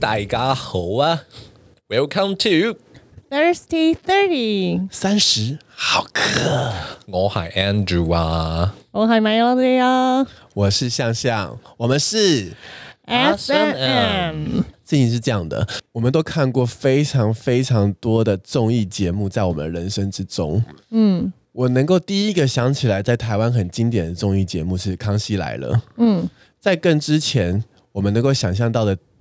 大家好啊，Welcome to Thirty Thirty 三十好客，我係 Andrew 啊，我係 Myolie 啊，我是向向，我們是 S M M。事 S-M. 情是這樣的，我們都看過非常非常多的綜藝節目，在我們人生之中，嗯、mm.，我能夠第一個想起來在台灣很經典的綜藝節目是《康熙來了》，嗯，在更之前，我們能夠想象到的。